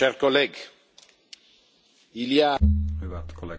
Hyvät kollegat.